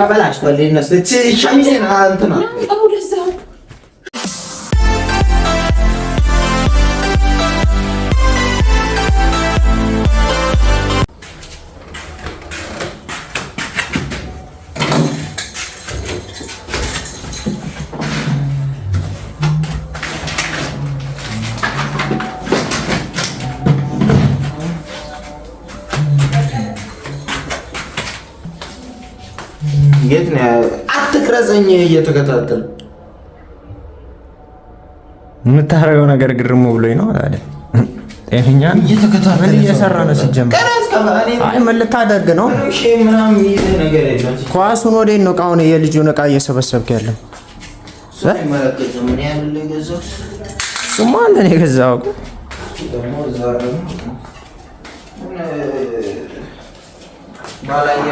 ተበላሽቷል። የት ነው? አትቅረጸኝ እየተከታተል የምታደርገው ነገር ግርሙ ብሎኝ ነው። አለ ጤነኛ ምን እየሰራ ነው? ሲጀምር ምን ልታደርግ ነው? ኳሱን ወዴት ነው? እቃውን የልጁን እቃ እየሰበሰብክ ያለው ስማ፣ አንተ ነው የገዛው ባላየ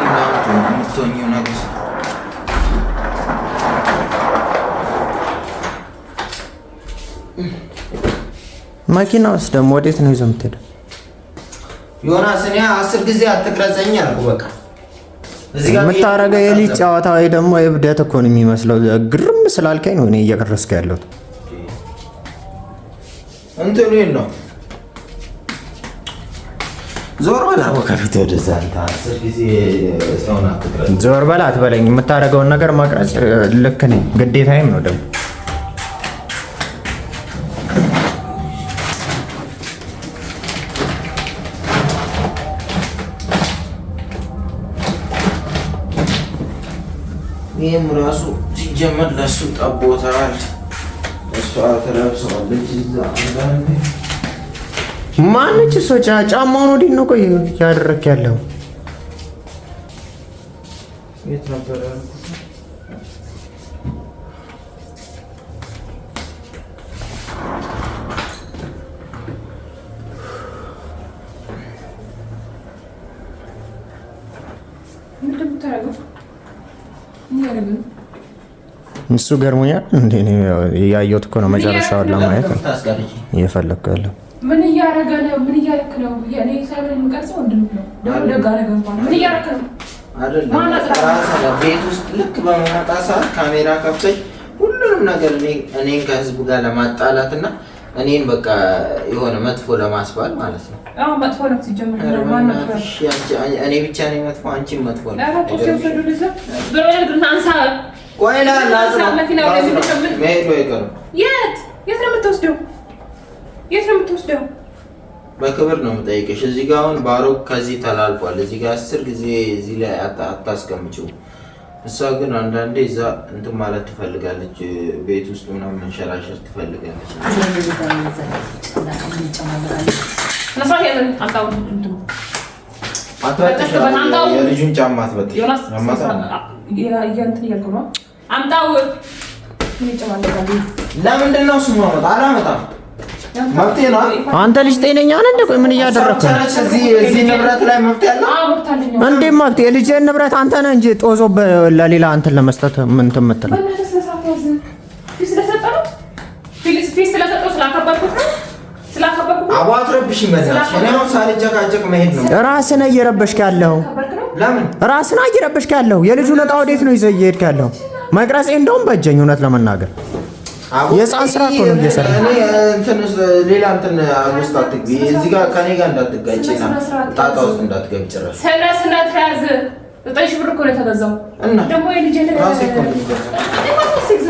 ውስጥ ደግሞ ወዴት ነው ይዞ የምትሄደው? ዮናስ እኔ አስር ጊዜ አትቅረጸኝ አልኩ። በቃ እዚህ ጋር የምታረገው የልጅ ጨዋታ ወይ ደግሞ የብደት እኮ ነው የሚመስለው። ግርም ስላልከኝ ነው እኔ እየቀረስክ ያለሁት። እንትኑ ነው ዞር በላ ከፊት ወደዛ። አስር ጊዜ ሰውን ዞር በላ አትበለኝ። የምታረገውን ነገር ማቅረጽ ልክ ነኝ፣ ግዴታዬም ነው ደግሞ ይህም ራሱ ሲጀመር ለእሱ ጠቦታል። እሷ ተለብሰዋለች። ማነች እሷ? ጫማውን ወዴት ነው ቆይ ያደረክ ያለው? የት ነበር እሱ ገርሞኛል እንዴ! ያየሁት እኮ ነው። መጨረሻው ለማየት እየፈለኩ ያለው ምን እያደረገ ነው? ምን እያደረክ ነው? የኔ ሳይሆን የምቀርጸው ወንድም ነው። ደግሞ ደግ አደረገ እንኳን ምን እያደረክ ነው? ቤት ውስጥ ልክ በመጣ ሰዓት ካሜራ ሁሉንም ነገር እኔን ከህዝቡ ጋር ለማጣላት እና እኔን በቃ የሆነ መጥፎ ለማስባል ማለት ነው መጥፎ ነው ሲጀምር። እኔ ብቻ ነኝ መጥፎ? አንቺም መጥፎ ነው። የት የት ነው የምትወስደው? የት ነው የምትወስደው? በክብር ነው የምጠይቅሽ። እዚህ ጋ አሁን ባሮክ ከዚህ ተላልፏል። እዚህ ጋ አስር ጊዜ እዚህ ላይ አታስቀምጪው። እሷ ግን አንዳንዴ እዛ እንትን ማለት ትፈልጋለች። ቤት ውስጥ ምናምን መንሸራሸር ትፈልጋለች። የልጁን ጫማ ለምንድን ነው እሱ አላመጣም። መብቴ ነው። አንተ ልጅ ጤነኛ ነህ እንዴ? ምን እያደረግህ ነው? እዚህ ንብረት ላይ መብት ያለ እንዴ? መብት የልጅህን ንብረት አንተ ነህ እንጂ ጦዞ ለሌላ አንተን ለመስጠት ምን እንትን የምትለው ራስን እየረበሽክ ያለው ራስን እየረበሽክ ያለው የልጁን ዕጣ ወዴት ነው ይዘህ እየሄድክ ያለው? መቅረጼ እንደውም በጀኝ። እውነት ለመናገር የህፃን ስራ እኮ ነው እየሰራ ሌላ እንትን ውስጥ አትግቢ። እዚህ ጋር ከኔ ጋር እንዳትጋጭ እና ጣጣ ውስጥ እንዳትገቢ ጭራሽ ስነ ስርዓት ያዝ። ዘጠኝ ሺህ ብር እኮ ነው የተገዛው እና ደግሞ የልጄ ነገር ራሴ እኮ ነው የሚገዛው። ማነው ሲግዛ?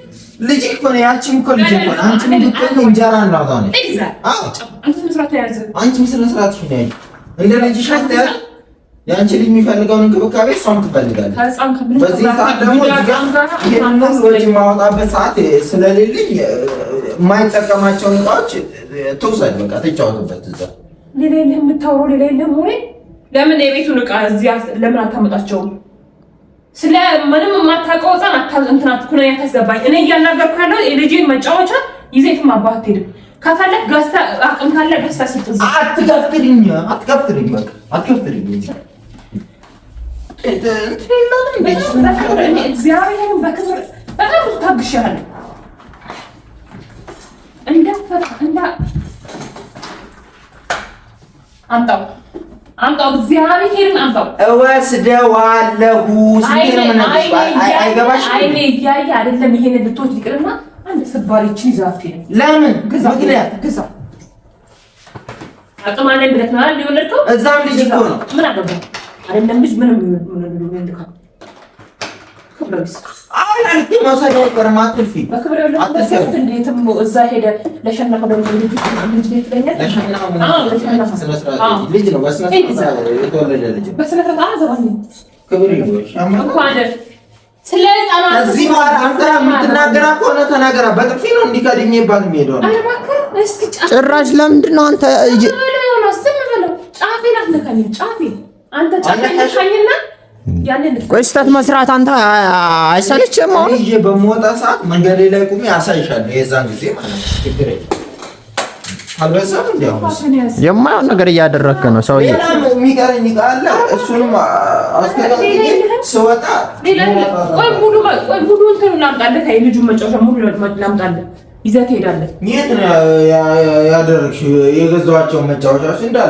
ልጅ እኮ ነው። ያቺም እኮ ልጅ እኮ ነው። አንቺ ምን እኮ እንጀራ እናውጣ ነው። አዎ አንቺም ስነ ስርዓት ያዝ። እንደ ልጅሽ አትያዝ። የአንቺ ልጅ የሚፈልገውን እንክብካቤ እሷም ትፈልጋለች። በዚህ ሰዓት ደግሞ ይህንን ወጪ ማወጣበት ሰዓት ስለሌለኝ የማይጠቀማቸውን እቃዎች ትውሰድ። በቃ ትጫወትበት እዛ። ሌላ የለህም የምታወራው ሌላ የለህም። ለምን የቤቱን እቃ እዚህ ለምን አታመጣቸውም? ስለ ምንም የማታውቀው ህፃን እንትናት ኩነኔ አታስገባኝ። እኔ እያናገርኩ ያለው የልጄን መጫወቻ ይዘህ አባት ሄድም ከፈለግ ገዝታ አቅም ካለ ገዝታ ስትዝ አትከፍትልኝ፣ አትከፍትልኝ፣ አትከፍትልኝ። እግዚአብሔርን በክብር በጣም ታግሻለሁ። እንደ እንደ አምጣው አምጣው እግዚአብሔርን አምጣው። እወስደዋለሁ። አይኔ እያየ አይደለም። ይሄን ልትወድ ይቅርና አንድ ስባሪች ይዛፍ ለምን ግዛ አቅም አለን ብለት ነው አይደል የወለድከው? እዛም ልጅ እኮ ነው። ምን አገባው አይደለም ልጅ ምንም ሄደ ለሸናሁ ደግሞ ከዚህ በኋላ አንተ የምትናገራ ከሆነ ተናገራ። በጥፊ ነው የሚሄደው ነው። ጭራሽ ለምንድን ነው አንተ ቆይ ስህተት መስራት አንተ አይሰለችም? አሁን ይሄ በመወጣ ሰዓት መንገድ ላይ ቁሚ አሳይሻለሁ። የዛን ጊዜ ማለት የማይሆን ነገር እያደረክ ነው ሰውዬ። የሚቀረኝ ቃለ እሱንም አስተካክዬ ስወጣ ትሄዳለህ። የት ነው መጫወቻዎች እንዳለ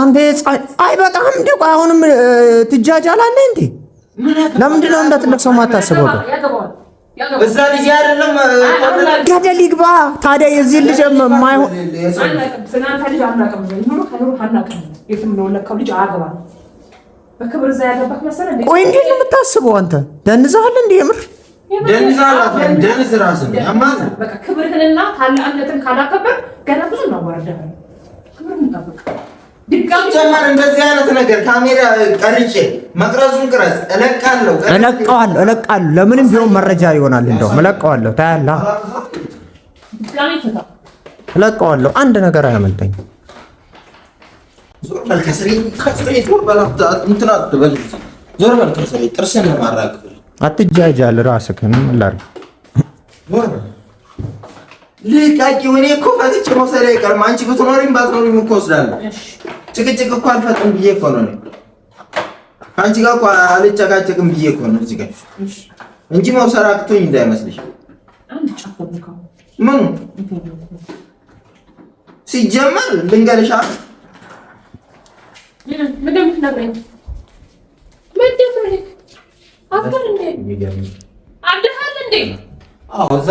አንተ አይ በጣም እንደው አሁንም ትጃጃላለህ እንዴ? ለምንድን ነው እንዳትለቅሰው ማታስበው? እዛ ልጅ አይደለም ገደል ይግባ። ታዲያ የዚህ ልጅ የማይሆን ቆይ እንዴት ነው የምታስበው አንተ? ደንዝሃል እንዴ? የምር ደንዝራስ ራስን ያማዝ በቃ ክብርህንና ታላቅነትን ካላከበር ገና ብዙ ነው ጀመር እንደዚህ አይነት ነገር ካሜራ ቀርጬ መቅረጹን ቅረጽ። እለቃለሁ እለቃዋለሁ እለቃለሁ። ለምንም ቢሆን መረጃ ይሆናል። እንደውም እለቃዋለሁ። ታያለህ፣ እለቃዋለሁ። አንድ ነገር አያመልጠኝ። አትጃጃል። ራስህን ምን ላድርግ? ልቃቂ ወኔ እኮ ፈትቼ መውሰድ አይቀርም። አንቺ ብትኖሪም ባትኖሪም እኮ ወስዳለሁ። ጭቅጭቅ እኮ አልፈጥም ብዬ እኮ ነው። አንቺ ጋር እኮ አልጨቃጨቅም ብዬ እኮ ነው እዚህ ጋር እንጂ መውሰድ አቅቶኝ እንዳይመስልሽ። ምኑ ሲጀመር ልንገርሽ አ አዎ እዛ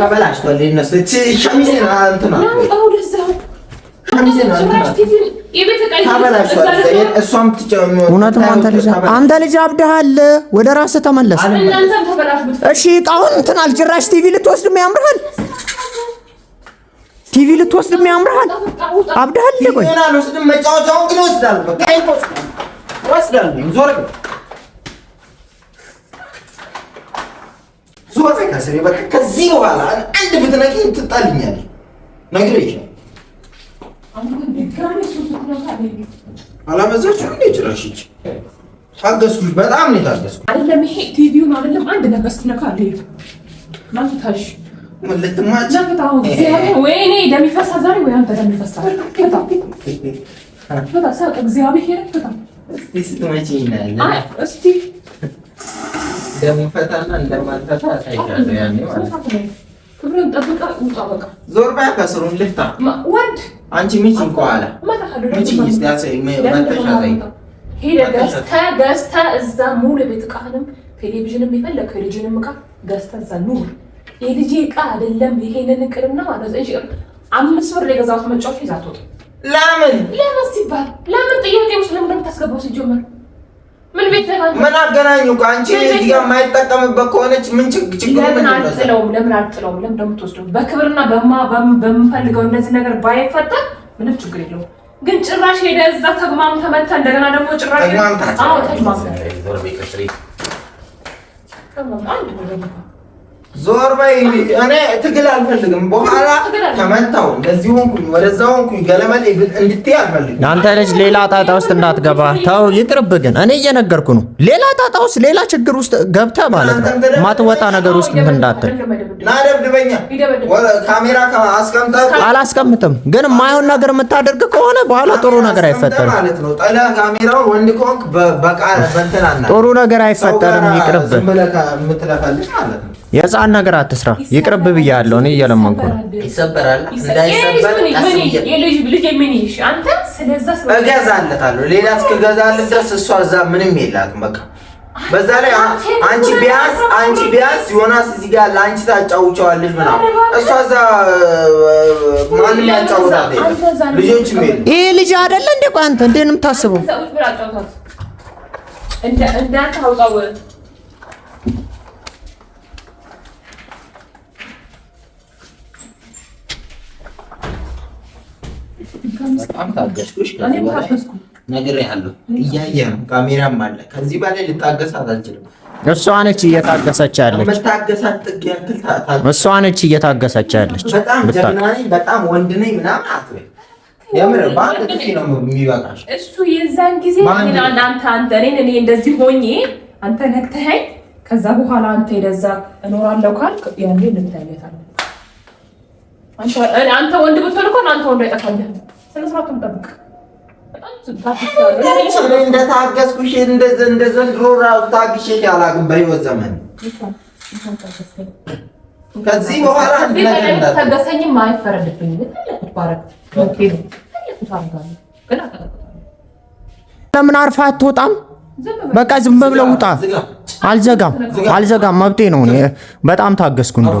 ተበላሽቷል። ይነስ ሸሚዜን እንትና እውነትም አንተ ልጅ አንተ ልጅ አብደሃል። ወደ ራስህ ተመለስ። እሺ እቃውን እንትን አልጭራሽ ቲቪ ልትወስድ የሚያምርሃል ቲቪ ልትወስድ የሚያምርሃል። አብደሃል። ቆይ ትወጣኝ ከስሬ በቃ። ከዚህ በኋላ አንድ ብትነቂ ትጣልኛለሽ። ነግሬ ይችላል እንዴ ጭራሽ እቺ ታገስኩሽ። በጣም ነው የታገስኩሽ። አይደለም ይሄ ቲቪውን አይደለም አንድ ነገር ስትነካ አለ ወይኔ ደም ይፈሳል ዛሬ ወይ አንተ ደም ይፈሳል። እግዚአብሔር እንደምፈታና እንደማንፈታ አሳይሻለሁ። ያኔ ማለት ጠብቃ ውጣ። በቃ ዞር በያ ከስሩን ልፍታ። ወንድ አንቺ ምች ከኋላ ምች ገዝተህ ገዝተህ እዛ ሙሉ ቤት ዕቃህንም ቴሌቪዥንም የፈለግህ የልጅንም ዕቃ ገዝተህ እዛ ኑር። የልጄ ዕቃ አይደለም ይሄንን ቅርና አምስት ብር የገዛሁት መጫወቻ ይዛ አትወጣም። ለምን ለምን ሲባል ለምን ጥያቄ ውስጥ ለምን ታስገባው ሲጀመር ምን አገናኙ? አንቺ እዚህ ጋር የማይጠቀምበት ከሆነች ምን ችግር? ለምን አጥለውም? ለምን ለምን እንደምትወስደው በክብርና በምፈልገው እነዚህ ነገር ባይፈጠር ምንም ችግር የለውም። ግን ጭራሽ ሄደ እዛ ተግማም ተመታ። እንደገና ደግሞ ጭራሽ ዞር በይ። እኔ ትግል አልፈልግም። በኋላ ተመታው እንደዚህ ሆንኩኝ ወደዛ ሆንኩኝ ገለመል እንድትይ አልፈልግም። አንተ ልጅ ሌላ ጣጣ ውስጥ እንዳትገባ ተው፣ ይቅርብ። ግን እኔ እየነገርኩ ነው። ሌላ ጣጣ ውስጥ፣ ሌላ ችግር ውስጥ ገብተህ ማለት ነው ማትወጣ ነገር ውስጥ ምን እንዳትል። ና ደብድበኛ፣ ካሜራ አስቀምጠህ። አላስቀምጥም፣ ግን የማይሆን ነገር የምታደርግ ከሆነ በኋላ ጥሩ ነገር አይፈጠርም። ጥሩ ነገር አይፈጠርም። ይቅርብ ማለት ነው የህፃን ነገር አትስራ። ይቅርብ ብያለሁ። እኔ እየለመንኩ ነው። ይሰበራል። እንዳይሰበር እገዛለታለሁ። ሌላ እስክገዛለት ድረስ እሷ እዛ ምንም የላትም። በቃ በዛ ላይ አንቺ ቢያንስ አንቺ ቢያንስ ዮናስ እዚህ ጋር ለአንቺ ታጫውቻለሽ ምናምን፣ እሷ እዛ ማንም ያጫውታል። ልጆች ምን ይሄ ልጅ አይደለ እንዴ? ቆይ አንተ እንዴት ነው የምታስበው? በጣም ታገስኩሽ። ነግሬሃለሁ፣ እያየህ ነው። ካሜራም አለ። ከዚህ በላይ ልታገሳት አልችልም። እሷ ነች እየታገሰች ያለች። እሷ ነች እየታገሰች ያለች። በጣም ጀግና ነኝ፣ በጣም ወንድ ነኝ ምናምን አትበይ። የምር በአንድ ጥፊ ነው የሚበቃሽ። እሱ የዛን ጊዜ አንተ አንተ እኔን እኔ እንደዚህ ሆኜ አንተ ነክተኸኝ ከዛ በኋላ አንተ የደዛ እኖራለሁ ካል ያኔ ልታይለታል። አንተ ወንድ ብትሆን እኮ አንተ ወንድ አይጠፋልህም። ስነ ስርዓቱን ጠብቅ። እንደ እንደ ዘንድሮ ራሱ አላውቅም በህይወት ዘመን። ከዚህ በኋላ አይፈረድብኝም። ለምን አርፋ አትወጣም? በቃ ዝም ብለው ውጣ። አልዘጋም አልዘጋም፣ መብቴ ነው። በጣም ታገስኩ እንደው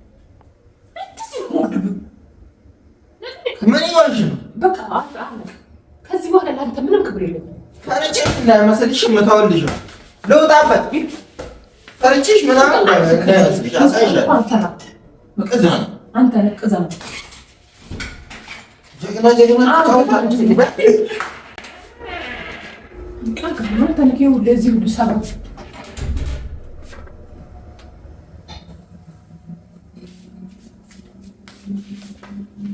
ምን ይሆንሽ ነው? በቃ ከዚህ በኋላ ለአንተ ምንም ክብር የለም። ፈርጭሽ እንዳይመስልሽ የምታወልሽ ነው። ልውጣበት ፈርጭሽ ምናምን ጀግና ጀግና ታውቃለህ። ሁሉ ሰበብ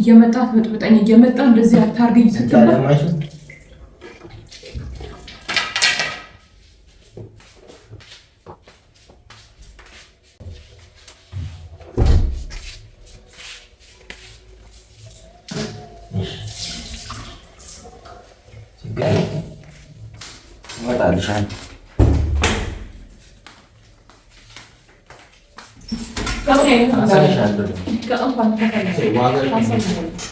እየመጣት በጥብጠኝ እየመጣ እንደዚህ አታርገኝ ስትል ይመጣልሻል Nakasal siya doon. Ikaw ang pantakalan. Sa iwagan. Pasal